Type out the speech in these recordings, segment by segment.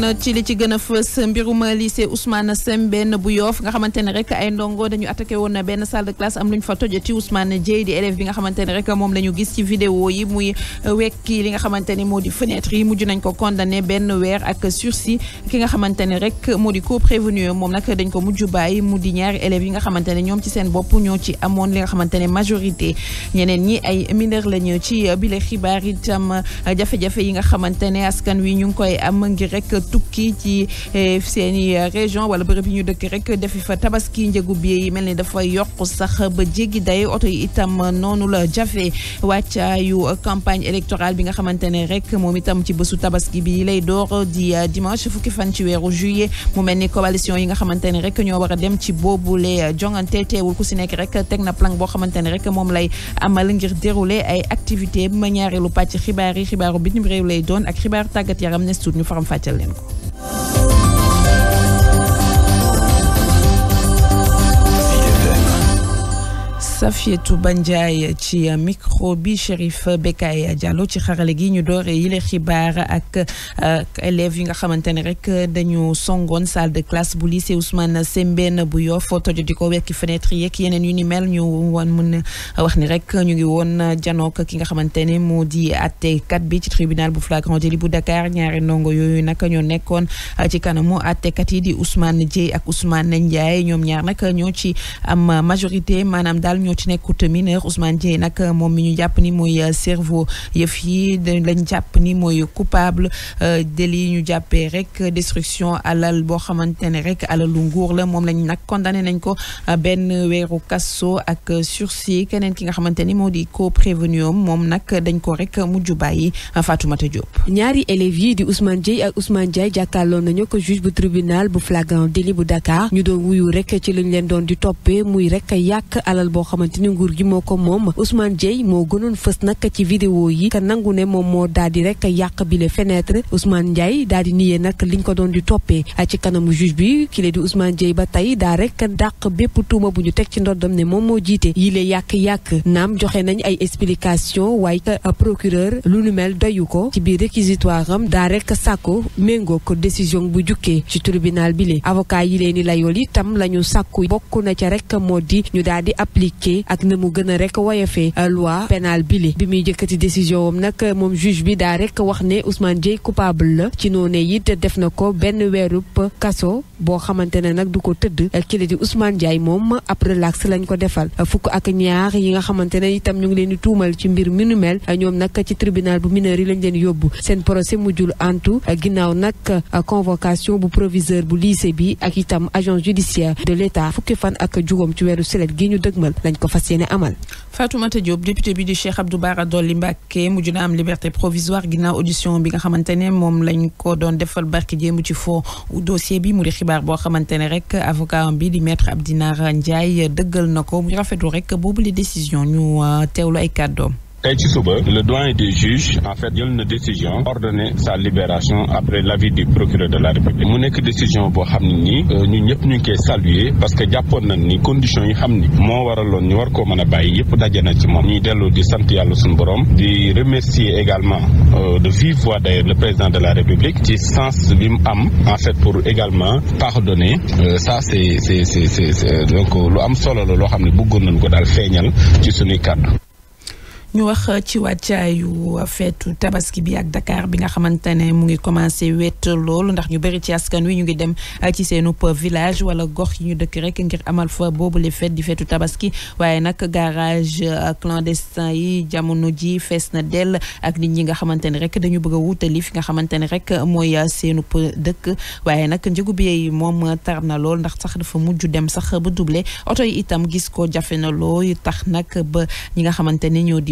na ci li ci gën a fës mbirum lycée Ousmane Sembène bu Yoff nga xamante ne rek ay ndongo dañu attaqué woon na benn salle am lu ñu fa tojati Ousmane Dieye di élève nga xamante ne moom la gis ci vidéo yi muy wekki li nga xamante ne moo di fenêtre yi mujj nañ ko condamné benn weer ak sursis ki nga xamante ne rek moo di co-prévenu moom nag dañ ko mujj bàyyi mu di ñaari élèves yi nga xamante ne ñoom ci seen bopp ñoo ci amoon li nga xamante ne majorité ñeneen ñi ay mineur lañu ci bile xibaar itam jafe-jafe yi nga xamante ne askan wi ñu ngi koy am ngir rek tukki ci eh, seen eh, région wala bërëb yi ñu dëkk rek defi fa tabaski njëgu bi yi mel ni dafa yokk sax ba jéggi day oto yi itam noonu la jafe wàccaayu campagne électorale bi nga xamante ne rek moom itam ci bësu tabaski bi lay door di eh, dimanche fukki fan ci weeru juillet mu mel ni coalition yi nga xamante ne ñoo war a dem ci boobule jongante teewul ku si nekk rek teg na plan boo xamante ne rek moom lay amal ngir dérouler ay activité ma ñaareelu pàcc yi xibaaru bitim doon ak xibaar tàggat yaram ne suut ñu leen Safietou Bandiaye ci micro bi Chérif Bekay Diallo ci xarale gi ñu doore yile xibaar ak euh, élèves yi nga xamante ne rek dañu songoon salle de classe bu lycée Ousmane Sembène bu Yoff tojo di ko wekki fenêtre yeeg yeneen yu ni mel ñu woon mën wax ni rek ñu ngi woon janook ki nga xamante ne moo di àttekat bi ci tribunal bu flagrant délit bu Dakar ñaari ndongo yooyu nag ñoo nekkoon ci kanamu àttekat yi di Ousmane Dieye ak Ousmane Ndiaye ñoom ñaar nag ñoo ci ñoo ci nekkut mineur Ousmane Dieye nag euh, moom mi ñu jàpp ni mooy euh, cerveau yëf yi lañ jàpp ni mooy coupable euh, yi ñu jàppee rek destruction alal boo xamante ne rek alalu nguur la moom lañ nag condamné nañ ko benn weeru kasso ak sursis keneen ki nga xamante ni moo di ko prévenu moom nag dañ ko rek mujj bàyyi Fatoumata Diop. ñaari élèves yi di Ousmane Dieye ak Ousmane Diaye jàkkaarloo nañu ko juge bu tribunal bu flagrant délit bu Dakar ñu doon wuyu rek ci leen doon di toppee muy xamante ni nguur gi moo ko moom Ousmane Dieye moo gënoon fës nag ci vidéo yi ka nangu ne moom moo daal di rek yàq bile fenêtre Ousmane Ndiaye daal di niyee nag liñ ko doon di toppee ci kanamu juge bi kile di Ousmane Dieye ba tey daa rek dàq bépp tuuma bu ñu teg ci ndoddam ne moom moo jiite yile yàq-yàq naam joxe nañ ay explication waaye euh, procureur lu nu mel doyu ko ci biir réquisitoire am daa rek sàkku méngoo ko décision bu jukkee ci tribunal bile avocat yi leen ni layool la ñu sàkku appliqué ak na mu gën a rek woyofee euh, loi pénale bile bi muy jëkkati décision am nag euh, moom juge bi daa rek wax ne usmaan Dieye coupable la ci noonee it def na ko benn weerub kaso boo xamante ne nag du ko tëdd ak euh, kile di Ousmane Diaye moom ab relax lañ ko defal fukk ak ñaar yi nga xamante ne itam ñu ngi leen di tuumal ci mbir mi nu ñoom nag ci tribunal bu mineur yi lañ leen yóbbu seen procès mujjul antu ginnaaw nag convocation bu proviseur bu lycée bi ak itam agent judiciaire de l'État fukki fan ak juróom ci weeru sulet gi ñu dëgmal lañ ko fas yéene amal. Fatoumata Diop député bi di Cheikh Abdou Bara Dolly Mbacké mujj na am liberté provisoire ginnaaw audition bi nga xamante ne moom lañ ko doon defal barki jéemu ci foo dossier bi mu di xibaar boo xamante ne rek avocat bi di maître Abdinar Ndiaye dëggal na ko mu rafetlu rek boobu la décision ñu euh, teewlu ay doom tey ci suba le doyen des juges en fait jël na décision ordonner sa libération après l'avis du procureur de la république mu nekk décision boo xam ne nii euh, ñun ñëpp ñu ngi koy saluer parce que jàppoon nañ ni condition yi xam ni moo waraloon ñu war ko mën a bàyyi yëpp daje na ci moom ñu dellu di sant yàlla suñu borom di remercier également euh, de vive voix d'ailleurs le président de la république ci sens bi mu am en fait pour également pardonner euh, ça c'est c'est c'est c'est donc lu am solo la loo xam ne bëggoon nañ ko daal feeñal ci suñuy kàddu ñu wax euh, ci wàccaayu euh, feetu tabaski bi ak dakaar bi nga xamante ne mu ngi commencé wet loolu ndax ñu bëri ci askan wi ñu ngi dem euh, ci seenu village wala gox yi ñu dëkk rek ngir amal fa boobu le fête di feetu tabaski waaye nag garage clandestin yi jamono ji fees na dell ak nit ñi nga xamante ne rek dañu bëgg a wutali fi nga xamante ne rek mooy seenu dëkk waaye nag njëgu billet yi moom tar na lool ndax sax dafa mujj dem sax ba doublé oto yi itam gis ko jafe na lool tax nag nga xamante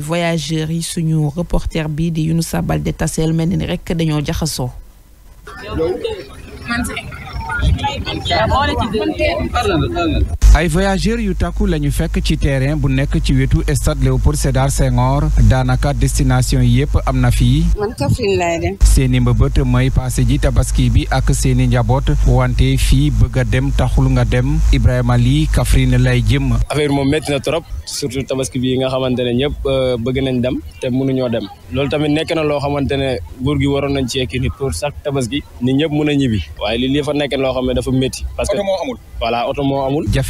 voyager yi suñu reporter bi di Younoussa Baldé Tassel mel ni rek dañoo jaxasoo. ay voyageurs yu takku la ñu fekk ci terrain bu nekk ci wetu stade Léopold Sédar Senghor daanaka destination yëpp am na fii. man Kaffrine laay dem. seeni mbëbët mooy passé ji tabaski bi ak seeni njaboot wante fii bëgg a dem taxul nga dem Ibrahima lii Kaffrine lay jëm. affaire moom metti na trop surtout tabaski bi nga xamante ne ñëpp euh, bëgg nañ dem te mënuñoo dem loolu tamit nekk na loo xamante ne nguur gi waroon nañ ci ekki nit pour chaque tabaski ni ñëpp mën a ñibbi waaye li li fa nekk loo xam ne dafa métti. parce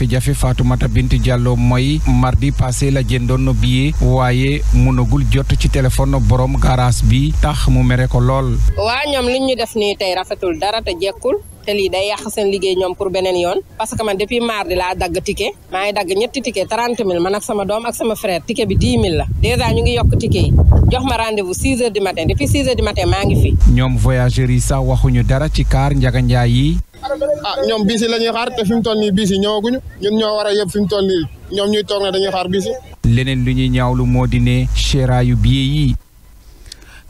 jafe-jafe Fatoumata Bint Diallo mooy bi passé la jëndoon billet waaye mënagul jot ci téléphone borom garage bi tax mu mere ko lool. waa ñoom li ñu def nii tey rafetul dara te jekkul. te lii day yàq seen liggéey ñoom pour beneen yoon parce que man depuis mardi laa dagg ticket maa ngi dagg ñetti ticket trente mille man ak sama doom ak sama frère ticket bi dix la dèjà ñu ngi yokk ticket yi jox ma rendez-vous six heures du matin depuis six ngi fi. ñoom voyageurs yi sax waxuñu dara ci kaar njaganjaay yi ah ñoom biis yi ñuy xaar te fi mu toll nii biis yi ñëwaguñu ñun ñoo war a yëpp fi mu toll nii ñoom ñuy toog ne dañuy xaar biis yi leneen lu ñuy ñaawlu moo di ne seeraayu billet yi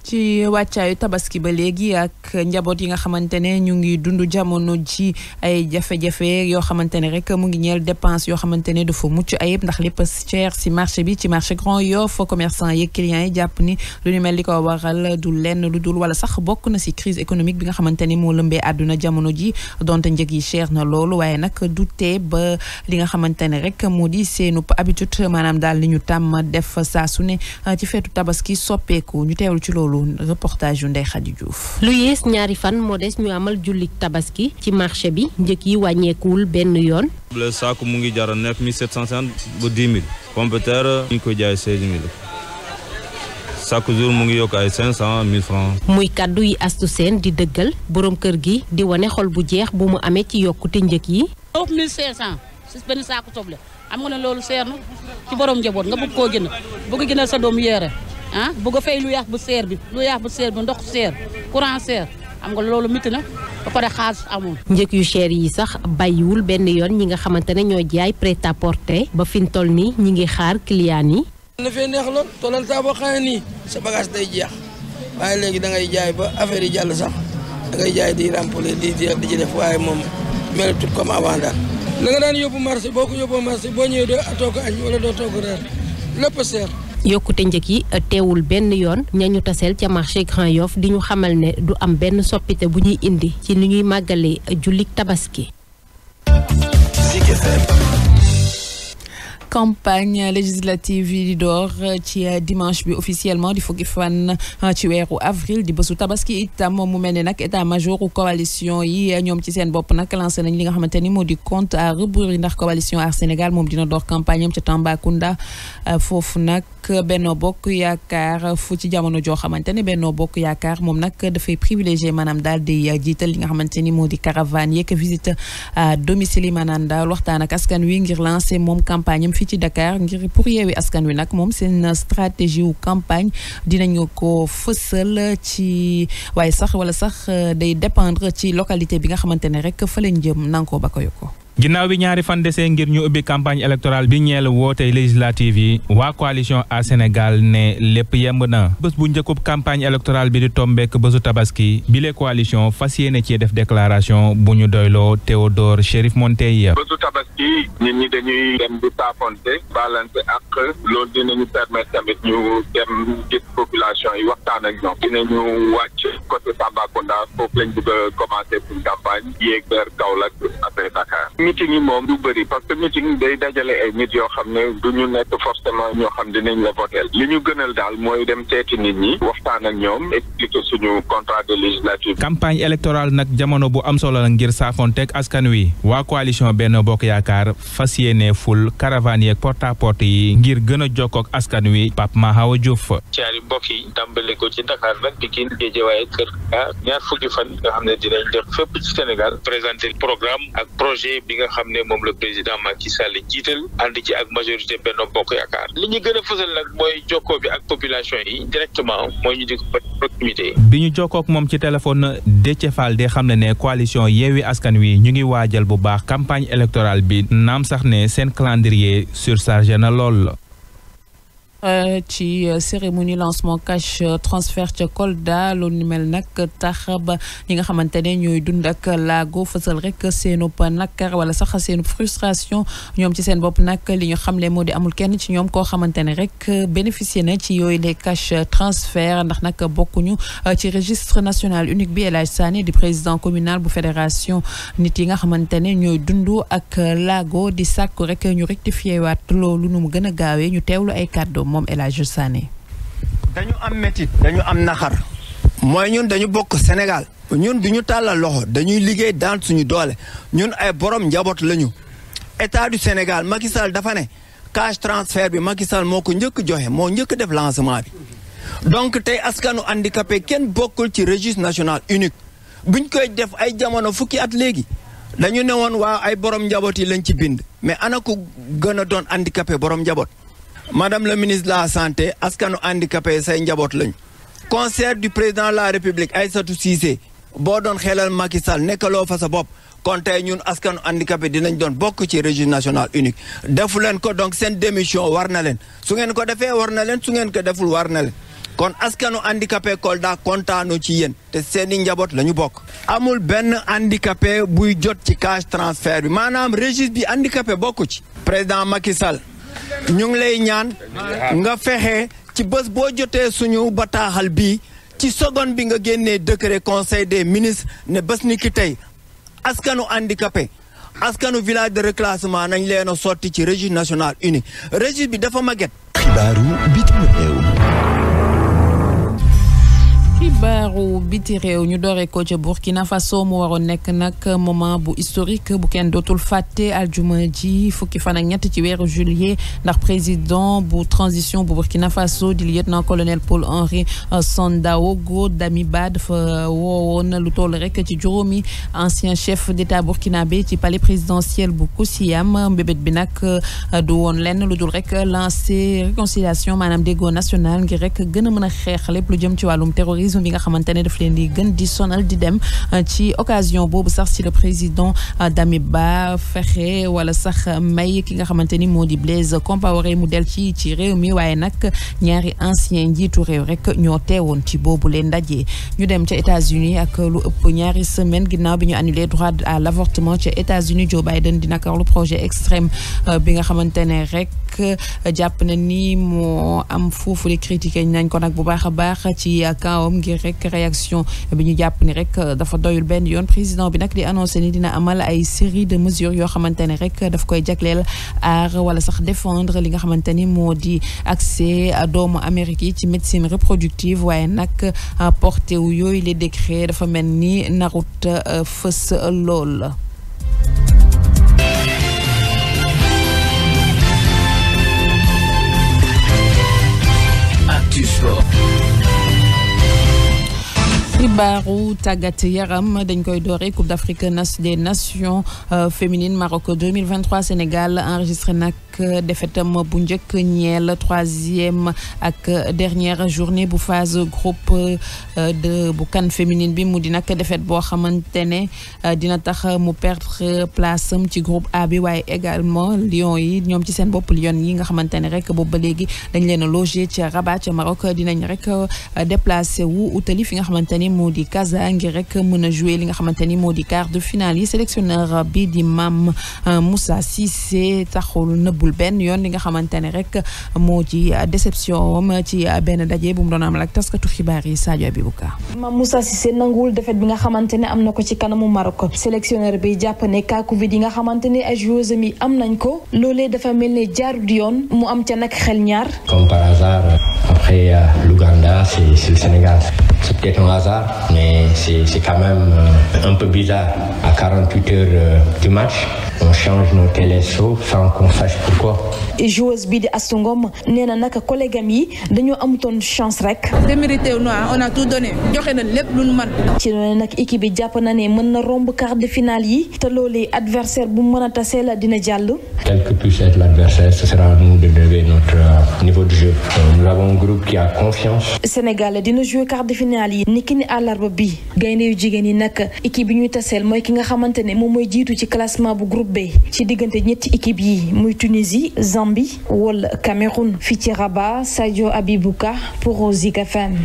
ci wàccaayu tabaski ba léegi ak njaboot yi nga xamante ne ñu ngi dund jamono ji ay jafe-jafe yoo xamante ne rek mu ngi ñeel dépense yoo xamante ne dafa mucc ayib ndax lépp cher si marché bi ci marché Grand Yoff commerçant yi clients yi jàpp ni lu ñu mel li ko waral du lenn lu dul wala sax bokk na si crise économique bi nga xamante ni moo lëmbee àdduna jamono ji donte njëg yi cher na loolu waaye nag du tee ba li nga xamante ne rek moo di seenu habitude maanaam daal li ñu tàmm def saa su ne ci feetu tabaski soppeeku ñu teewlu ci loolu teewlu reportage yu Ndeye Khady ñaari fan moo des ñu amal jullit tabaski ci marché bi njëkk yi wàññeekuwul benn yoon. blé mu ngi jar neuf mille sept cent cinquante ba dix mille. pomme de terre ñu ngi jour mu ngi yokk ay cinq muy kàddu yi astu seen di dëggal borom kër gi di wane xol bu jeex bu mu amee ci yokkute njëg yi. neuf mille soble am nga ne loolu seer na ci borom njaboot nga bëgg koo gën bëgg gënal sa doom yére ah bëgg a fay lu yaax bu seer bi lu yaax bu seer bi ndox seer courant seer xam nga loolu métti na ba pare xaalis amul. njëg yu cher yi sax bàyyiwul benn yoon ñi nga xamante ne ñoo jaay prêt à ba fi mu toll nii ñi ngi xaar kiliyaan yi. na fee neex lool tollal saa boo nii sa bagage day jeex waaye léegi da ngay jaay ba affaire yi jàll sax da jaay di remplir di di def waaye moom melatut comme avant daal. la nga daan yóbbu marché boo ko yóbboo marché boo ñëwee doo yokkute njëg yi euh, teewul benn yoon ñañu taseel ca marché Grand Yoff di ñu xamal ne du am benn soppite bu ñuy indi ci ni ñuy màggale jullik tabaski. campagne législative yi di door ci dimanche bi officiellement di fukki fan ah, ci weeru avril di bésu tabaski itam mu mel ne nag état major coalition yi ñoom ci seen bopp nag lancé nañ li nga xamante ni moo di compte à rebours yi ndax coalition Aar Sénégal moom dina door campagne am ca Tambacounda ah, foofu nag Benno Bokk Yaakaar fu ci jamono joo xamante ne Benno Bokk Yaakaar moom nag dafay privilégié maanaam daal di jiital li nga xamante ni moo di caravane yeeg visite à wi ngir lancé moom campagne fii ci Dakar ngir pour yeewi askan wi nag moom seen stratégie wu campagne dinañu ko fësal ci waaye sax wala sax euh, day dépendre ci localité bi nga xamante ne rek fa lañ jëm nankoo ba koy ko ginnaaw bi ñaari fan dese ngir ñu ubbi campagne électorale bi ñeel woote législative yi waa coalition à Sénégal ne lépp yemb na bés bu njëkkub campagne électorale bi di tombeek bésu tabaski bile coalition fas yéene cee def déclaration bu ñu doyloo Théodore Chérif Montey yi nit ñi dañuy dem di saafonte baalante ak loolu dinañu permettre tamit ñu dem gis population yi waxtaan ak ñoom dinañu wàcc côté Tambacounda foofu lañ bëgg a commencé suñ campagne yéeg vers Kaolack après Dakar meeting yi moom du bëri parce que meeting day dajale ay nit yoo xam ne du ñu nekk forcément ñoo xam dinañ la voteel li ñu gënal daal mooy dem seeti nit ñi waxtaan ak ñoom expliquer suñu contrat de législature campagne électorale nag jamono bu am solo la ngir saafonte ak askan wi waa coalition Bokk Yaakaar Dakar fas yéene ful caravane yeeg porte à porte yi ngir gën a jokkook askan wi Pape ma Diouf. caari mbokk yi tàmbale ko ci Dakar nag Pikine Guédiawaye Kër Ka ñaar fukki fan nga xam ne dinañ def fépp ci Sénégal présenter programme ak projet bi nga xam ne moom la président ci Sall jiital ànd ci ak majorité Benno Bokk Yaakaar li ñu gën a fësal nag mooy jokkoo bi ak population yi directement mooy ñu di ko bi ñu jokkook moom ci téléphone Déthié Fall de xam ne ne coalition Yewwi Askan Wi ñu ngi waajal bu baax campagne électorale bi naam sax ne seen calendrier surchargé na lool. Euh, ci euh, cérémonie lancement cash euh, transfert ca Kolda loolu nu mel nag tax ba ñi nga xamante ne ñooy dund ak laago fësal rek seenub nakar wala sax seenub frustration ñoom ci seen bopp nag li ñu xamle moo di amul kenn ci ñoom koo xamante ne rek bénéficier na ci yooyu les cash transfert ndax nag bokkuñu ci registre national unique bi El Hadj di président communal bu fédération nit yi nga xamante ne ñooy dund ak laago di sàkku rek ñu rectifié waat lu nu mu gën a gaawee ñu teewlu ay kàddoom moom El Hadj Sané dañu am métit dañu am naxar mooy ñun dañu bokk Sénégal ñun duñu tàllal loxo dañuy liggéey daan suñu doole ñun ay borom njaboot lañu état du Sénégal Macky dafa ne cash transfert bi Macky moo ko njëkk joxe moo njëkk def lancement bi donc tey askanu handicapé kenn bokkul ci registre national unique buñ koy def ay jamono fukki at léegi dañu ne woon waa ay borom njaboot yi lañ ci bind mais ana ko gën a doon handicapé borom njaboot. madame le ministre de la santé askanu handicapé say njaboot lañ concert du président la république ay satu Cissé boo doon xelal Macky Sall nekkaloo fa sa bopp kon ñun askanu handicapé dinañ doon bokk ci registre national unique defu leen ko donc seen démission war na leen su ngeen ko defee war na leen su ngeen ko deful war na kon askanu handicapé Kolda kontaanu ci yéen te seen i njaboot la ñu bokk. amul benn handicapé buy jot ci cash transfert bi maanaam registre bi handicapé bokku ci. président Macky ñu ngi lay ñaan nga fexe ci bés boo jotee suñu bataaxal bi ci seconde bi nga génnee décret conseil des ministres ne bés ni tey askanu handicapé askanu village de reclassement nañ leen a sotti ci registre national unique registre bi dafa màgget xibaaru biti réew ñu dooree ko ca Burkina Faso mu waroon nekk nag moment bu historique bu kenn dootul fàtte aljuma ji fukki fan ak ñett ci weeru juillet ndax président bu transition bu Burkina Faso di lieutenant colonel Paul Henri Sandaogo Damiba dafa woowoon lu toll rek ci juróomi ancien chef d'état burkinabé ci palais présidentiel bu Koussiam mbébét bi nag euh, du woon lenn lu dul rek lancer réconciliation maanaam déggoo national gi rek gën a mën a xeex lépp lu jëm ci wàllum terrorisme tourisme bi nga xamante ne daf leen di gën di sonal di dem euh, ci occasion boobu sax si le président euh, Dami Ba fexe wala sax may ki nga xamante ni moo di Blaise Compaoré mu del ci ci réew mi waaye nag ñaari ancien njiitu réew rek ñoo teewoon ci boobu leen ndaje ñu dem ca États-Unis ak lu ëpp ñaari semaine ginnaaw bi ñu annulé droit à l'avortement ca États-Unis Joe Biden dina ko lu projet extrême euh, bi nga xamante ne rek jàpp na ni moo am foofu li critiqué ngir rek réaction bi ñu jàpp ni rek euh, dafa doyul benn yoon président bi nag di annoncé ni dina amal ay série de mesures yoo xamante ne rek daf koy jagleel aar wala sax défendre li nga xamante ni moo di accès doomu Amérique yi ci médecine reproductive waaye nag euh, porté yooyu le décrets dafa mel ni narut euh, fës lool. xibaaru tàggat yaram dañ koy doore Coupe d'Afrique des Nations euh, féminines Maroc 2023 Sénégal enregistré nag defetam bu njëkk ñeel troisième ak dernière journée bu phase groupe euh, de bu kan féminine bi mu di nag defet boo xamante ne euh, dina tax mu perdre place am ci groupe A bi waaye également Lions yi ñoom ci seen bopp Lions yi nga xamante ne rek boobu ba léegi dañ leen a logé ca Rabat ca Maroc dinañ rek déplacé utali fi nga xamante ni moo di Casa rek mën li nga xamante ni moo di quart de finale yi sélectionneur bi di Mame euh, Moussa Cissé taxul nëbbul benn yoon li nga xamante ne rek moo ci déception ci benn daje bu mu doon amal ak taskatu xibaar yi Sadio Habibou Ka. Mame Moussa Cissé nanguwul defet bi nga xamante ne am na ko ci kanamu Maroc sélectionneur bi jàpp ne cas yi nga xamante ne ay joueurs mi am nañ ko loole dafa mel ne jaaru di yoon mu am ca nag xel ñaar. Comme par hasard après euh, l'Ouganda c'est le Sénégal c'est peut-être tard, mais c'est quand même euh, un peu bizarre. À 48 heures euh, du match, on change nos téléso sans qu'on sache pourquoi. joueuse bi di Astou Ngom nee na naka collègue yi dañoo amutoon chance rek. démérité wu on a tout donné joxe na lépp lu ñu mën. ci loolu nag équipe jàpp na ne mën na romb quart de finale yi te loolee adversaire bu mën a tasee la dina jàll. quel que être l'adversaire ce sera à de lever notre euh, niveau de jeu. nous avons un groupe qui a àllarba bi gaynde yu jigéen yi nag équipe bi ñuy taseel mooy ki nga xamante ne moom mooy jiitu ci classement bu groupe B ci diggante ñetti équipe yi muy Tunisie Zambie wala Cameroun fii ci Rabat Sadio Abibouka pour Zik FM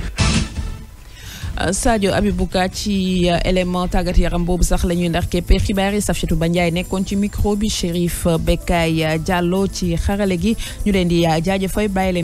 Sadio Abibouka ci euh, élément tàggat yaram boobu sax lañuy ndax keppe xibaar yi Safietou Ba Ndiaye nekkoon ci micro bi Chérif jàlloo ci xarale gi ñu leen di euh, jaajëfay bàyyi leen